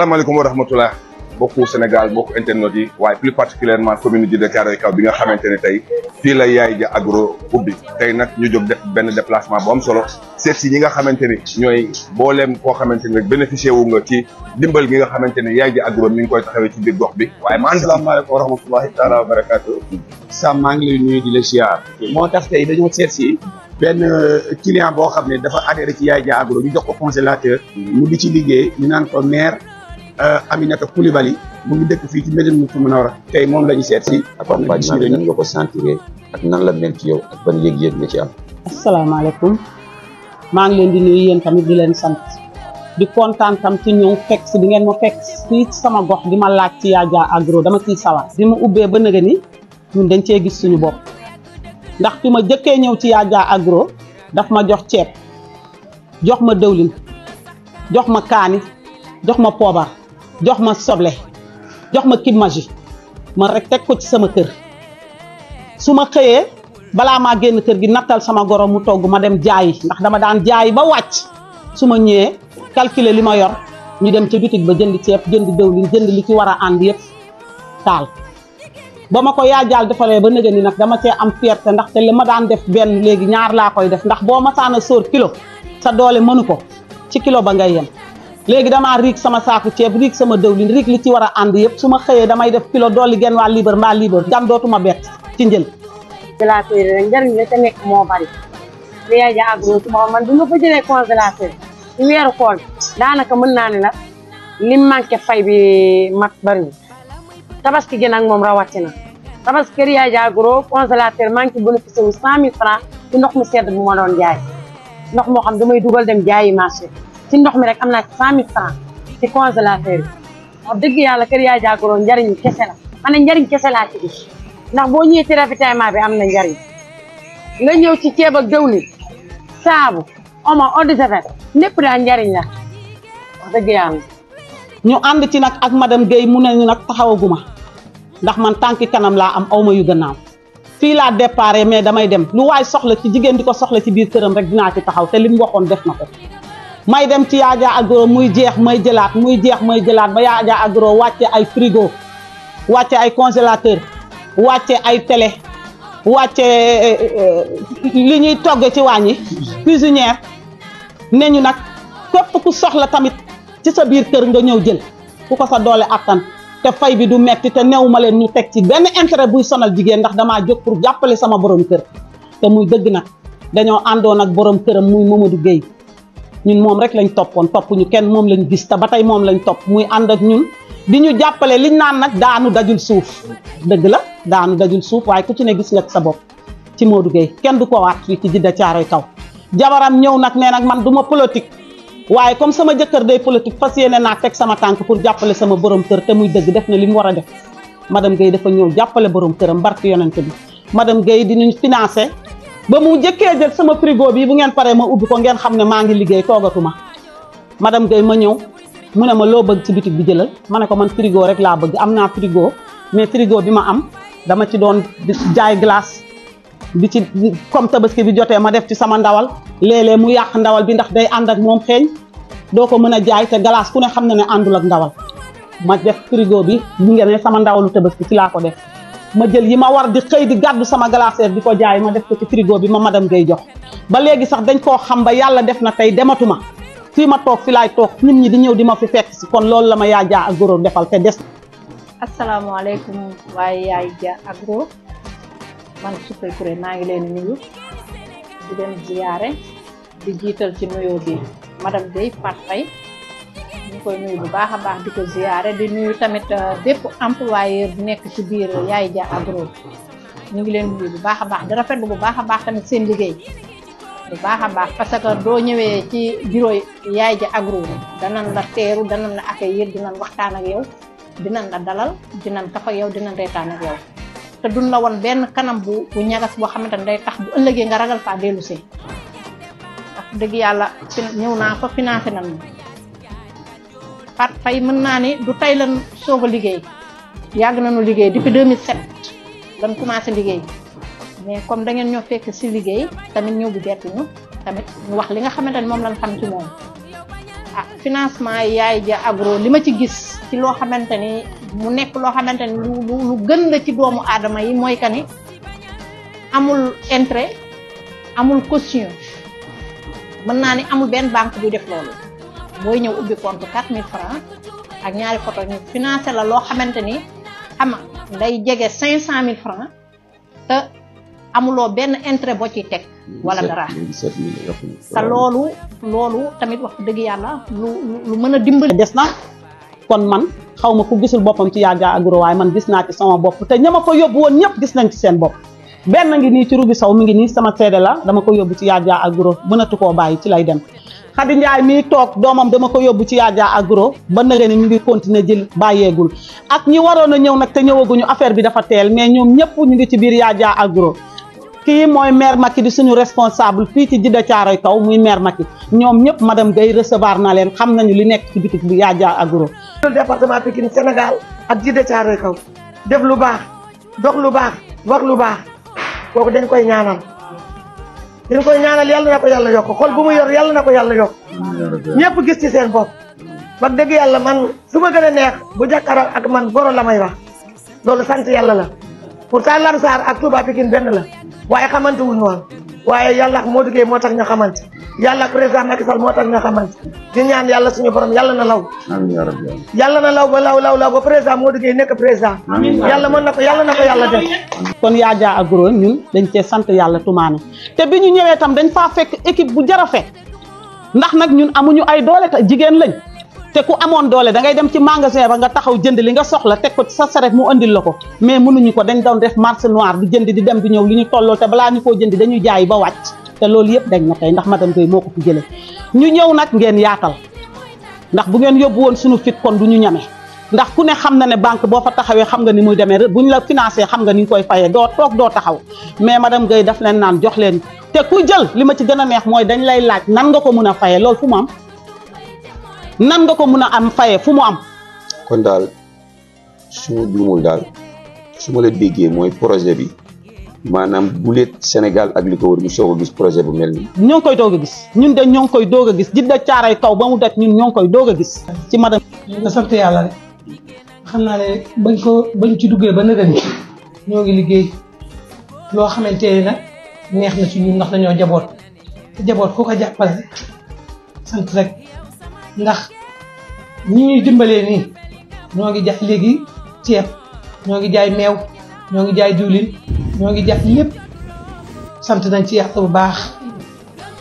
salaamaaleykum wa rahmatulah mbokku Sénégal mbokku internet yi waaye plus particulièrement commune ji de Thiaroye Kaw bi nga xamante ne tey fii la Yaye Dia Agro ubbi tey nag ñu jóg def benn déplacement bu am solo seet ñi nga xamante ni ñooy booleem koo xamante ni rek bénéficié wu nga ci dimbal gi nga xamante ne Yaye Dia Agro mi ngi koy taxawee ci biir gox bi waaye ma salaamaaleykum wa rahmatullahi taala wa barakaatu sam maa ngi lay nuyu di la ziar moo tax tey dañoo seet si benn euh, boo xam ne dafa adhéré ci Yaye Dia Agro ñu jox ko congélateur mm-hmm. mu di ci liggéey ñu naan ko maire Euh, Aminata Koulibaly mu ngi dëkk fii ci Médinatou Mounawara tey moom la ñu seet si. accompagnement bi nan nga ko sentir ak nan la mel ci yow ak ban yëg-yëg nga ci am. asalaamaaleykum maa ngi leen di nuyu yéen tamit di leen sant di kontaan tam ci ñëw fekk si di ngeen ma fekk fii sama gox di ma laaj ci Yaa Agro dama ciy sawar. bi ma ubbee ba nëgë ni ñun dañ cee gis suñu bopp ndax fi ma jëkkee ñëw ci Yaa Dia Agro daf ma jox ceeb jox ma dëwlin jox ma kaani jox ma poobar. jox ma soble jox ma Kid Magic ma rek teg ko ci sama kër su ma xëyee balaa maa génn kër gi nattal sama goro mu togg ma dem jaayi ndax dama daan jaayi ba wàcc su ma ñëwee calculer li ma yor ñu dem ca bitig ba jënd ceeb jënd dëwlin jënd li ci war a ànd yëpp taal. ba ma ko yaajaal defalee ba nëgë ni nag dama cee am ndax ndaxte la ma daan def benn léegi ñaar laa koy def ndax boo ma saan a sóor kilo sa doole mënu ko ci kilo ba ngay yem. léegi damaa riig sama saaku ceeb riig sama dëwlin riig li ci war a ànd yëpp su ma xëyee damay def kilo dolli genn waa liibar mbaa liibar gan dootuma bett ci njël congélateur yi njëriñ la ca nekk moo bari li yaay ja agro suma man du ma ko jëlee congélateur ci weeru kool daanaka mën naa ne ni li manqué fay bi mat bari tabaski gi nag moom rawatina tabaski kër yaay ja agro congélateur manqué bénéfice wu cent mille francs ci ndox mu sedd bu ma doon jaay ndox moo xam damay dugal dem jaayi marché ci ndox mi rek am naa ci cent mille franc ci congélateur bi wax dëgg yàlla kër yaay jàggoroo njariñ kese la ma njariñ kese laa ci gis ndax boo ñëwee ci ravitaillement bi am na njariñ nga ñëw ci ceeb ak dëwlin saabu omo eau de javel lépp daal njariñ la wax dëgg yàlla ñu ànd ci nag ak madame Guèye mu ne ñu nag taxawaguma ndax man tanki kanam laa am awma yu gannaaw fii laa déparé mais damay dem lu waay soxla ci jigéen di ko soxla ci biir këram rek dinaa ci taxaw te li mu waxoon def na ko may dem ci Yaya Agro muy jeex may jëlaat muy jeex may jëlaat ba Yaya Agro wàcce ay frigo wàcce ay congélateur wàcce ay télé wàcce eh, eh, li ñuy togge ci wàññi cuisinière nee ñu nag képp ku soxla tamit ci sa biir kër nga ñëw jël ku ko sa doole attan te fay bi du metti te new ma leen ñu teg ci benn intérêt buy sonal jigéen ndax damaa jóg pour jàppale sama borom kër te muy dëgg nag dañoo àndoon ak borom këram muy Mamadou Gueye ñun moom rek lañ toppoon topp ñu kenn moom lañ gis te ba tey moom lañ topp muy ànd ak ñun di ñu jàppale liñ naan nag daanu dajul suuf dëgg la daanu dajul suuf waaye ku ci ne gis nga sa bopp ci Modou Gueye kenn du ko waat fii ci Djidda Thiaroye Kaw jabaram ñëw nag nee nag man du ma politique waaye comme sama jëkkër day politique fas yéene naa teg sama tànk pour jàppale sama borom kër te muy dëgg def na li mu war a def madame Gueye dafa ñëw jàppale borom këram barki yonente bi ba mu njëkkee jël sama frigo bi bu ngeen paree ma ubbi ko ngeen xam ne maa ngi liggéey ma madame Guèye ma ñëw mu ne ma loo bëgg ci bitig bi jëlal ma ne ko man frigo rek laa bëgg am naa frigo mais frigo bi ma am dama ci doon jaay glace bi ci comme tabaski bi jotee ma def ci sama ndawal léeg mu yàq ndawal bi ndax day ànd ak moom xeeñ doo ko mën a jaay te glace ku ne xam na ne àndul ak ndawal ma def frigo bi bu ngeen sama ndawalu tabaski ci laa ko def ma jël yi ma war di xëy di gàddu sama glacière bi ko jaay ma def ko ci frigo bi ma madame ngay jox ba léegi sax dañ koo xam ba yàlla def na tey dematuma fii ma toog fi laay toog nit ñi di ñëw di ma fi fekk si kon loolu la ma Yaye Dia Agro defal te des. asalaamaaleykum waaye Yaye Dia Agro man Soukey Touré maa ngi leen nuyu di leen ziyaare di jiital ci nuyoo bi madame Guèye Fatou Faye ñu koy nuyu bu baax a baax di ko ziyaare di nuyu tamit euh, bépp employeur bu nekk ci biir Yaay Ja Agro ñu ngi leen nuyu bu baax a baax di rafetlu bu baax a baax tamit seen liggéey bu baax a baax parce que doo ñëwee ci bureau Yaay Ja Agro danañ la teeru danañ la accueillir dinañ waxtaan ak yow dinañ la dalal dinañ tax ak yow dinañ reetaan ak yow te duñ la woon benn kanam bu bu ñagas boo xamante ne day tax bu ëllëgee nga ragal faa dellu si wax dëgg yàlla ñëw naa fa financé nañ Faat Faye mën naa ne du tey lan soog liggéey yàgg nañu liggéey depuis 2007 lan commencé liggéey mais comme da ngeen ñoo fekk si liggéey tamit ñëw bu bett ñu tamit ñu wax li nga xamante ne moom lañ xam ci moom ah financement yaay ja agro li ma ci gis ci loo xamante ni mu nekk loo xamante ni lu gën la ci doomu aadama yi mooy que ni amul intérêt amul caution mën naa ni amul benn banque buy def loolu booy ñëw ubbi compte 4000 francs ak ñaari photo ñu financé la loo xamante ni ama day jege 500000 francs te amuloo benn intérêt boo ciy teg. wala dara te loolu. loolu tamit wax dëgg yàlla lu lu mën a dimbali. des na kon man xaw ma ku gisul boppam ci Yaga Agro waaye man gis naa ci sama bopp te ñama fa yóbbu woon ñëpp gis nañ ci seen bopp. benn ngi nii ci rubi saw mi ngi nii sama seede la dama ko yóbbu ci yaajaa agro mënatu koo bàyyi ci lay dem Xadi Njaay mii toog doomam dama ko yóbbu ci yaajaa agro ba nare ni ñu ngi continuer jël bàyyeegul ak ñi waroon a ñëw nag te ñëwaguñu affaire bi dafa teel mais ñoom ñëpp ñu ngi ci biir yaajaa agro kii mooy maire Macky di suñu responsable fii ci Jidda Caaroy kaw muy maire Macky ñoom ñëpp madame Guèye recevoir naa leen xam nañu li nekk ci bitik bu yaajaa agro département Pikine Sénégal ak Jidda Caaroy kaw def lu baax dox lu baax wax lu baax kooku dañ koy ñaanal dañ koy ñaanal yàlla na ko yàlla yokk xol bu mu yor yàlla na ko yàlla yokk ñëpp gis ci seen bopp wax dëgg yàlla man su ma gën bu jàkkaaral ak man boro la may wax loolu sant yàlla la pourtant Lamsaar ak Touba Pikine benn la waaye xamante wuñu woon waaye yàlla moo Modou moo tax nga xamante yàlla présent président Macky moo tax nga xamante di ñaan yàlla suñu borom yàlla na law yàlla na law ba law law law ba président Modou Gueye nekk président yàlla mën na ko yàlla na ko yàlla def kon yaa jaa agro ñun dañ cee sant yàlla tumaane te bi ñu ñëwee tam dañ faa fekk équipe bu jarafe ndax nag ñun amuñu ay doole te jigéen lañ te ku amoon doole da dem ci magasin ba nga taxaw jënd li nga soxla teg ko sa saret mu andil la ko mais mënuñu ko dañ doon def marché noir di jënd di dem di ñëw li ñu tolloo te balaa ñu koo jënd dañuy jaay ba wàcc te loolu yëpp dañ na tey ndax madame Gueye moo ko fi jëlee ñu ñëw nag ngeen yaatal ndax bu ngeen yóbbu woon suñu fit kon du ñu ñame ndax ku ne xam na ne banque boo fa taxawee xam nga ni muy demee ñu la financé xam nga ni ñu koy fayee doo toog doo taxaw mais madame Gueye daf leen naan jox leen te ku jël li ma ci gën a neex mooy dañ lay laaj nan ko mën a fayee loolu fu nan nga ko mun a am faye fu mu am. kon daal su ma juumul daal su ma la déggee mooy projet bi maanaam bulet Sénégal ak li ko wër mu soog a gis projet bu mel nii. ñoo koy doog a gis ñun de ñoo ngi koy doog a gis jidda kaw ba mu ñun ñoo ngi koy doog gis. ci madame. nga sant yàlla rek xam naa ne bañ koo bañ ci duggee ba nëgën ñoo ngi liggéey loo xamante ne nag neex na ci ñun ndax lañoo jaboot jaboot ku ko jàppale sant rek. ndax ñi ñuy dimbalee nii ñoo ngi jaay léegi ceeb ñoo ngi jaay meew ñoo ngi jaay diwlin ñoo ngi jaay lépp sant nañ ci yàlla bu baax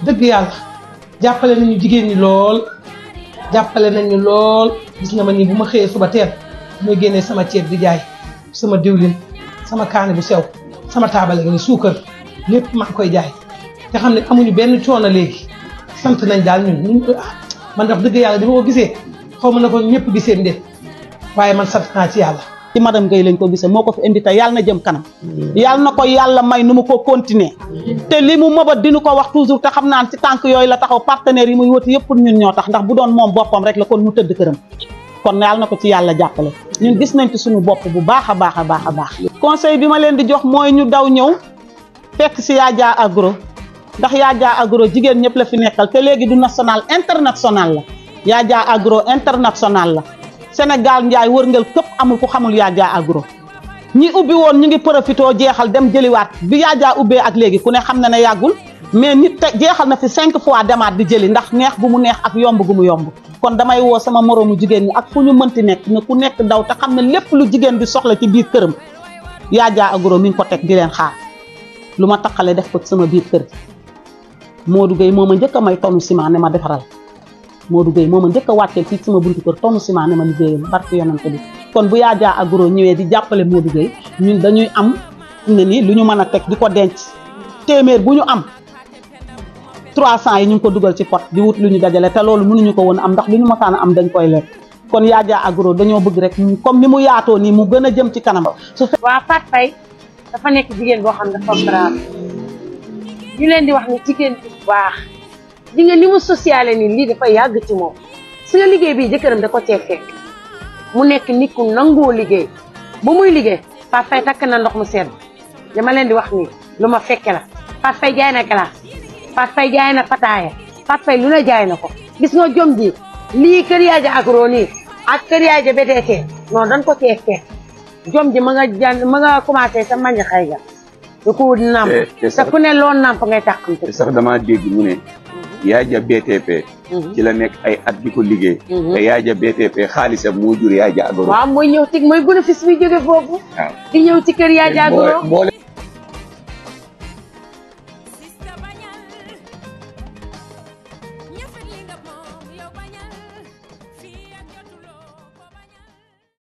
dëgg yàlla jàppale nañu jigéen ñi lool jàppale nañu lool gis nga ma ni bu ma xëyee suba teel mooy génnee sama ceeb di jaay sama diwlin sama kaani bu sew sama taabale gi suukar lépp maa koy jaay te ne amuñu benn coono léegi sant nañ daal ñun ñun man ndax dëgg yàlla dama ko gisee xaw ma na ko ñëpp gisee ndéet waaye man sant naa ci yàlla ci madame Gueye lañ ko gisee moo ko fi indi tey yàlla na jëm kanam hmm. yàlla na ko yàlla may nu mu ko continuer hmm. te li mu mëbat dina ko wax toujours te xam naa ci tànk yooyu la taxaw partenaires yi muy wëti yëpp pour ñun ñoo tax ndax bu doon moom boppam rek la kon mu tëdd këram kon yàlla ko ci yàlla jàppale ñun gis nañ ci suñu bopp bu baax a baax a baax a baax conseil bi ma leen di jox mooy ñu daw ñëw fekk si Yadia Agro ndax yaa jaa agro jigéen ñëpp la fi nekkal léegi du national international la yaa jaa agro international la Sénégal njaay wërngal këpp amul ku xamul yaa jaa agro ñi ubbi woon ñu ngi profité jeexal dem jëliwaat bi yaa jaa ubbee ak léegi ku ne xam na ne yàggul mais nit te jeexal na fi cinq fois demaat di jëli ndax neex bu mu neex ak yomb gu mu yomb kon damay woo sama moroomu jigéen ñi ak fu ñu mënti nekk ne ku nekk daw te xam ne lépp lu jigéen bi soxla ci biir këram yaa agro mi ngi ko teg di leen xaar lu ma taqale def ko sama biir Modou Gueye moo ma njëkk a may tonu ciment ne ma defaral Modou Gueye moo ma njëkk a wàccee fii sama buntu kër tonu ciment ne ma liggéeyal barke yonante bi kon bu yaa jaa agro ñëwee di jàppale Modou Gueye ñun dañuy am ne ni lu ñu mën a teg di ko denc téeméer bu ñu am 300 yi ñu ngi ko dugal ci pot di wut lu ñu dajale te loolu mënuñu ko woon am ndax lu ñu mosaan a am dañ koy lekk kon yaa jaa agro dañoo bëgg rek comme ni mu yaatoo nii mu gën a jëm ci kanam. su fekkee waa Fatou Faye dafa nekk jigéen boo xam ne dafa brave ñu leen di wax ne jigéen baax di nga ni mu sociale ni lii dafa yàgg ci moom si nga liggéey bi jëkkëram da ko cee fekk mu nekk ni ku nangoo liggéey ba muy liggéey Pape Faye takk na ndox mu sedd dama leen di wax nii lu ma fekke la Pape Faye jaay na glace Pape Faye jaay na fataaya Pape Faye lu ne jaay na ko gis nga jom ji lii kër yaaja agro nii ak kër yaaja BTT non dañ ko cee fekk jom ji ma nga jàng ma nga commencé sa manjaxay ga du ko nàmp te ku ne loo nàmp ngay tàqamte te sax damaa dégg mu ne mhm. yaaja BTP mhm. ci la nekk ay at di liggéey mhm. te yaaja BTP xaalisam mu jur yaaja agro waaw mooy ñëw tig mooy bénéfice bi jóge foofu di ñëw ci kër yaaja agro